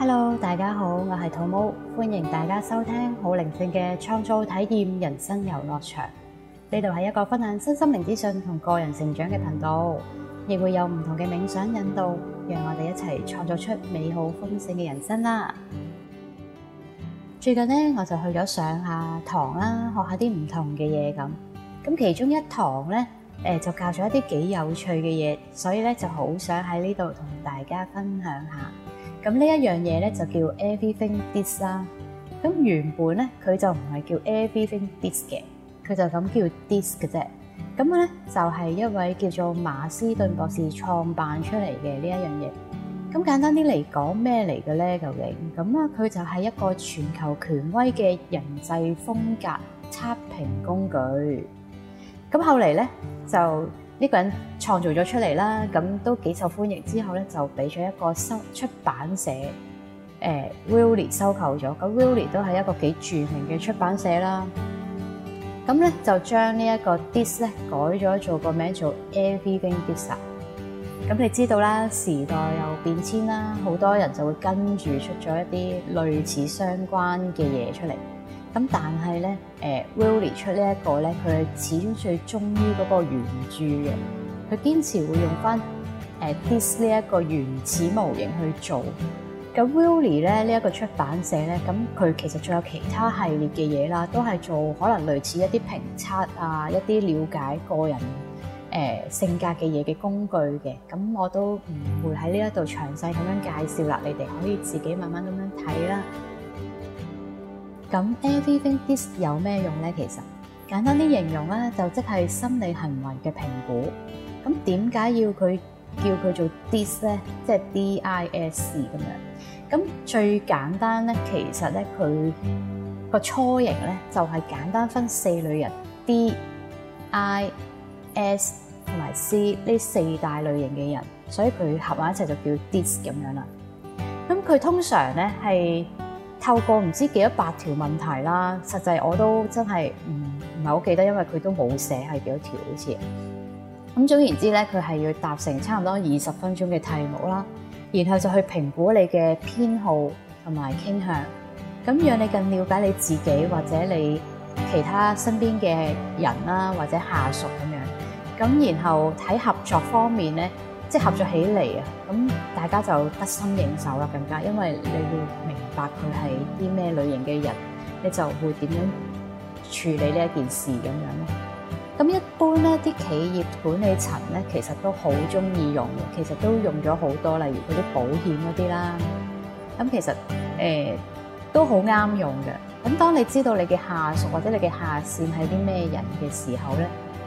Hello，大家好，我係土貓，歡迎大家收聽好靈性嘅創造體驗人生遊樂場。呢度係一個分享身心靈資訊同個人成長嘅頻道，亦會有唔同嘅冥想引導，讓我哋一齊創造出美好豐盛嘅人生啦。最近呢，我就去咗上下堂啦，學下啲唔同嘅嘢咁。咁其中一堂呢，誒就教咗一啲幾有趣嘅嘢，所以咧就好想喺呢度同大家分享下。咁呢一樣嘢咧就叫 Everything DiSC 啦。咁原本咧佢就唔係叫 Everything DiSC 嘅，佢就咁叫 DiSC 嘅啫。咁咧就係一位叫做馬斯頓博士創辦出嚟嘅呢一樣嘢。咁簡單啲嚟講咩嚟嘅咧究竟？咁啊佢就係一個全球權威嘅人際風格測評工具。咁後嚟咧就。呢個人創造咗出嚟啦，咁都幾受歡迎。之後咧就俾咗一個收出版社，誒、呃、Willie 收購咗。咁 Willie 都係一個幾著名嘅出版社啦。咁咧就將呢一個 DiSC 咧改咗做個名做 Everything DiSC 咁你知道啦，時代又變遷啦，好多人就會跟住出咗一啲類似相關嘅嘢出嚟。咁但係咧，誒 Willie 出的這呢一個咧，佢始終最忠於嗰個原著嘅，佢堅持會用翻誒 DiSC 呢一個原始模型去做。咁 Willie 咧呢一、這個出版社咧，咁佢其實仲有其他系列嘅嘢啦，都係做可能類似一啲評測啊、一啲了解個人誒、呃、性格嘅嘢嘅工具嘅。咁我都唔會喺呢一度詳細咁樣介紹啦，你哋可以自己慢慢咁樣睇啦。咁 Everything DiSC 有咩用咧？其實簡單啲形容咧、啊，就即係心理行為嘅評估。咁點解要佢叫佢做 DiSC 咧？即、就、係、是、D I S 咁樣。咁最簡單咧，其實咧佢個雛形咧就係、是、簡單分四類人，D I S 同埋 C 呢四大類型嘅人。所以佢合埋一齊就叫 DiSC 咁樣啦。咁佢通常咧係、是透過唔知幾多百條問題啦，實際我都真係唔唔係好記得，因為佢都冇寫係幾多條好似。咁總言之咧，佢係要答成差唔多二十分鐘嘅題目啦，然後就去評估你嘅偏好同埋傾向，咁讓你更了解你自己或者你其他身邊嘅人啦，或者下屬咁樣。咁然後喺合作方面咧。即合作起嚟啊，咁大家就得心應手啦，更加，因為你會明白佢係啲咩類型嘅人，你就會點樣處理呢一件事咁樣咯。咁一般咧，啲企業管理層咧，其實都好中意用嘅，其實都用咗好多，例如嗰啲保險嗰啲啦。咁其實誒、欸、都好啱用嘅。咁當你知道你嘅下屬或者你嘅下線係啲咩人嘅時候咧，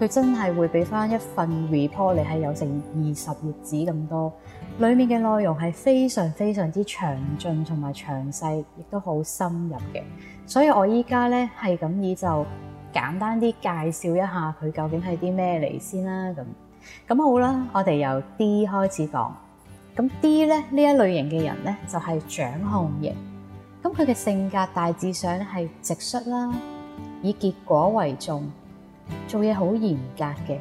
佢真係會俾翻一份 report，你係有成二十頁紙咁多，裡面嘅內容係非常非常之詳盡同埋詳細，亦都好深入嘅。所以我依家咧係咁以就簡單啲介紹一下佢究竟係啲咩嚟先啦。咁咁好啦，我哋由 D 開始講。咁 D 咧呢呢一類型嘅人咧就係掌控型，咁佢嘅性格大致上係直率啦，以結果為重。做嘢好嚴格嘅，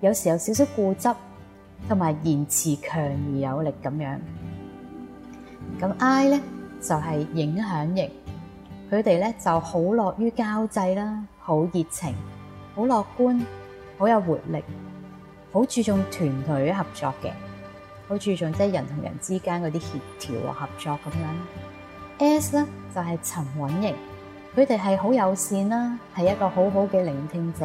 有時候有少少固執，同埋言辭強而有力咁樣。咁 I 咧就係影響型，佢哋咧就好樂於交際啦，好熱情，好樂觀，好有活力，好注重團隊合作嘅，好注重即係人同人之間嗰啲協調啊合作咁樣。S 咧就係沉穩型，佢哋係好友善啦，係一個好好嘅聆聽者。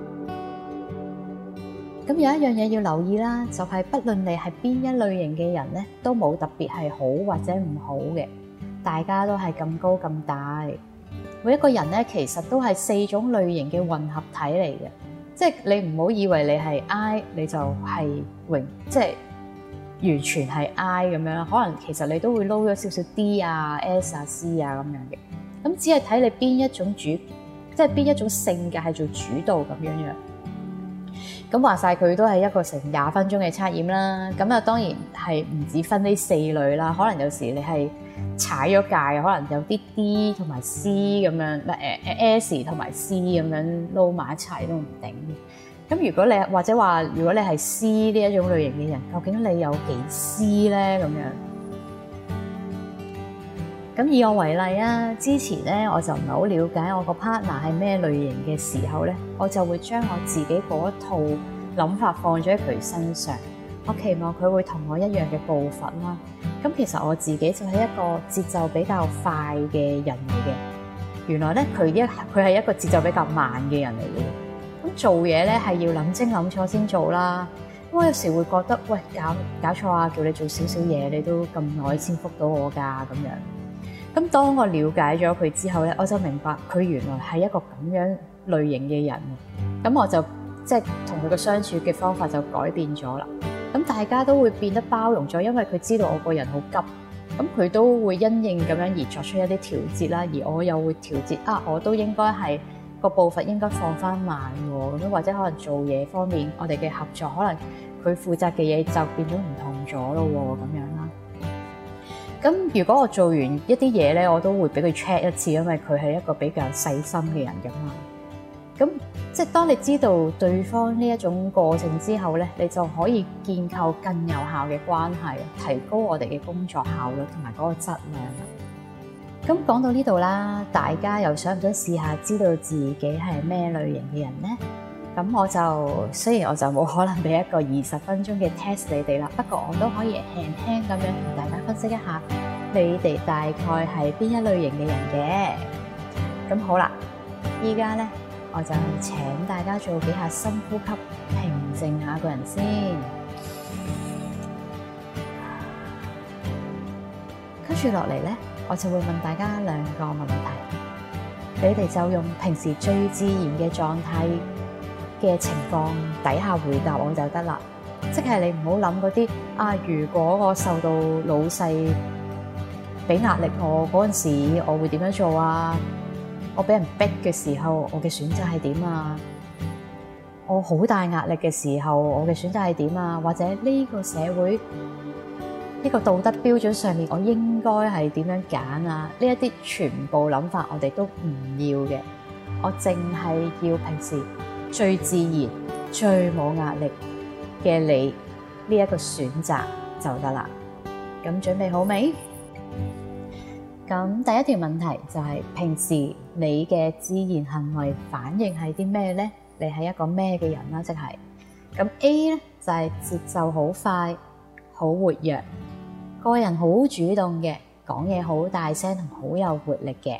咁有一樣嘢要留意啦，就係不論你係邊一類型嘅人咧，都冇特別係好或者唔好嘅，大家都係咁高咁大，每一個人咧其實都係四種類型嘅混合體嚟嘅，即係你唔好以為你係 I 你就係榮，即係完全係 I 咁樣，可能其實你都會撈咗少少 D 啊 S 啊 C 啊咁樣嘅，咁只係睇你邊一種主，即係邊一種性格係做主導咁樣樣。咁話晒，佢都係一個成廿分鐘嘅測驗啦，咁啊當然係唔止分呢四類啦，可能有時你係踩咗界，可能有啲 D 同埋 C 咁樣，唔誒誒 S 同埋 C 咁樣撈埋一齊都唔定。咁如果你或者話如果你係 C 呢一種類型嘅人，究竟你有幾 C 咧咁樣？咁以我為例啊，之前咧我就唔係好了解我個 partner 係咩類型嘅時候咧，我就會將我自己嗰一套諗法放咗喺佢身上。我期望佢會同我一樣嘅步伐啦。咁其實我自己就係一個節奏比較快嘅人嚟嘅。原來咧佢一佢係一個節奏比較慢嘅人嚟嘅。咁做嘢咧係要諗清諗楚先做啦。我有時會覺得喂，搞搞錯啊，叫你做少少嘢，你都咁耐先覆到我㗎咁樣。咁當我了解咗佢之後咧，我就明白佢原來係一個咁樣的類型嘅人。咁我就即係同佢嘅相處嘅方法就改變咗啦。咁大家都會變得包容咗，因為佢知道我個人好急，咁佢都會因應咁樣而作出一啲調節啦。而我又會調節啊，我都應該係個步伐應該放翻慢喎。咁或者可能做嘢方面，我哋嘅合作，可能佢負責嘅嘢就變咗唔同咗咯喎，咁樣。咁如果我做完一啲嘢咧，我都會俾佢 check 一次，因為佢係一個比較細心嘅人㗎嘛。咁即係當你知道對方呢一種過程之後咧，你就可以建構更有效嘅關係，提高我哋嘅工作效率同埋嗰個質量。咁講到呢度啦，大家又想唔想試下知道自己係咩類型嘅人呢？咁我就，雖然我就冇可能俾一個二十分鐘嘅 test 你哋啦，不過我都可以輕輕咁樣同大家分析一下你哋大概係邊一類型嘅人嘅。咁好啦，依家咧我就請大家做幾下深呼吸，平靜下個人先。跟住落嚟咧，我就會問大家兩個問題。你哋就用平時最自然嘅狀態嘅情況底下回答我就得啦，即係你唔好諗嗰啲啊。如果我受到老細俾壓力我，我嗰時我會點樣做啊？我俾人逼嘅時候，我嘅選擇係點啊？我好大壓力嘅時候，我嘅選擇係點啊？或者呢個社會呢個道德標準上面，我應該係點樣揀啊？呢一啲全部諗法我，我哋都唔要嘅。我淨係要平時。最自然、最冇壓力嘅你呢一個選擇就得啦。咁準備好未？咁第一條問題就係平時你嘅自然行為反應係啲咩呢？你係一個咩嘅人啦？即係咁 A 呢，就係節奏好快、好活躍，個人好主動嘅，講嘢好大聲同好有活力嘅。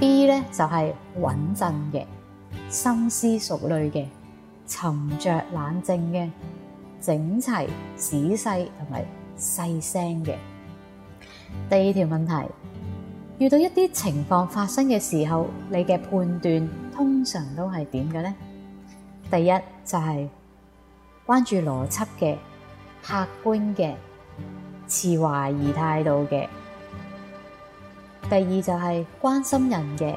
B 呢就係穩陣嘅。深思熟慮嘅，沉着冷靜嘅，整齊仔細同埋細聲嘅。第二條問題，遇到一啲情況發生嘅時候，你嘅判斷通常都係點嘅咧？第一就係關注邏輯嘅、客觀嘅、持懷疑態度嘅；第二就係關心人嘅。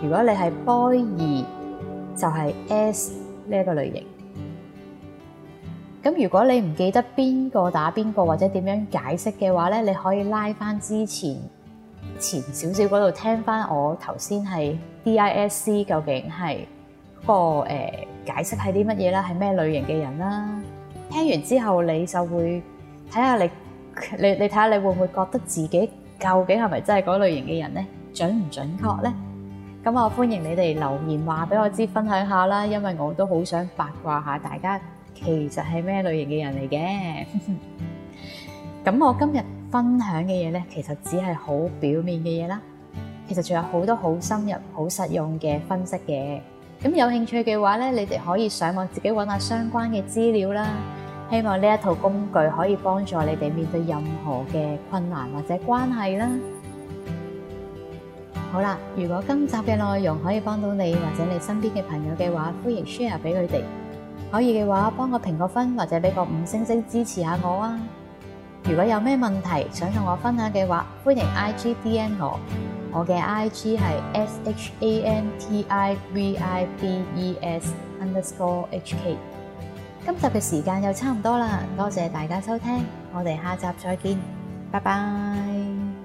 如果你係 Boy 二，就係 S 呢個類型。咁如果你唔記得邊個打邊個或者點樣解釋嘅話咧，你可以拉翻之前前少少嗰度聽翻我頭先係 DISC 究竟係個誒解釋係啲乜嘢啦，係咩類型嘅人啦。聽完之後，你就會睇下你你你睇下你會唔會覺得自己究竟係咪真係嗰類型嘅人咧？準唔準確咧？咁我歡迎你哋留言話俾我知，分享下啦，因為我都好想八卦下大家其實係咩類型嘅人嚟嘅。咁我今日分享嘅嘢咧，其實只係好表面嘅嘢啦，其實仲有好多好深入、好實用嘅分析嘅。咁有興趣嘅話咧，你哋可以上網自己揾下相關嘅資料啦。希望呢一套工具可以幫助你哋面對任何嘅困難或者關係啦。好啦，如果今集嘅內容可以幫到你或者你身邊嘅朋友嘅話，歡迎 share 俾佢哋。可以嘅話，幫我評個分或者俾個五星星支持下我啊！如果有咩問題想同我分享嘅話，歡迎 I G D M 我。我嘅 I G 係 S H A N T I V I B E S underscore H K。今集嘅時間又差唔多啦，多謝大家收聽，我哋下集再見，拜拜。